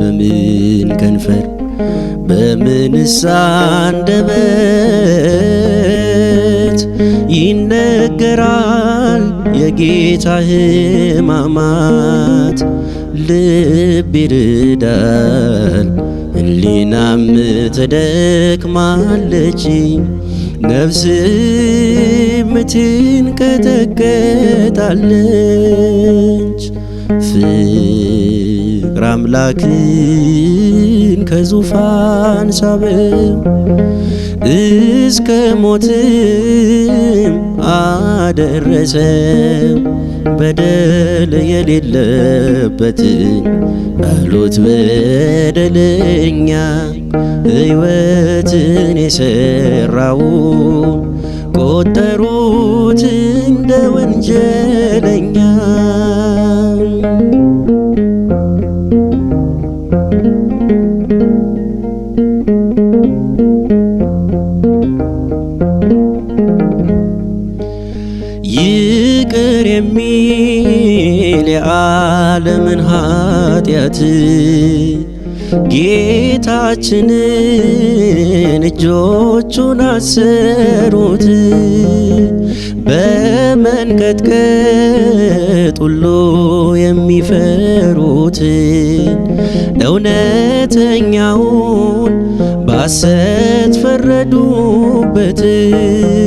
በምን ከንፈር በምንስ አንደበት ይነገራል የጌታ ሕማማት። ልብ ይርዳል ሕሊናም ትደክማለች ነፍስ ምትንቀጠቀጣለች። አምላክን ከዙፋን ሳብም እስከ ሞትም አደረሰ በደል የሌለበት አሉት በደለኛ ሕይወትን የሰራው ቆጠሩት እንደ ወንጀል ይቅር የሚል የዓለምን ኃጢአት ጌታችንን እጆቹን አሰሩት። በመንቀጥቀጥ ሁሉ የሚፈሩትን እውነተኛውን ባሰት ፈረዱበትን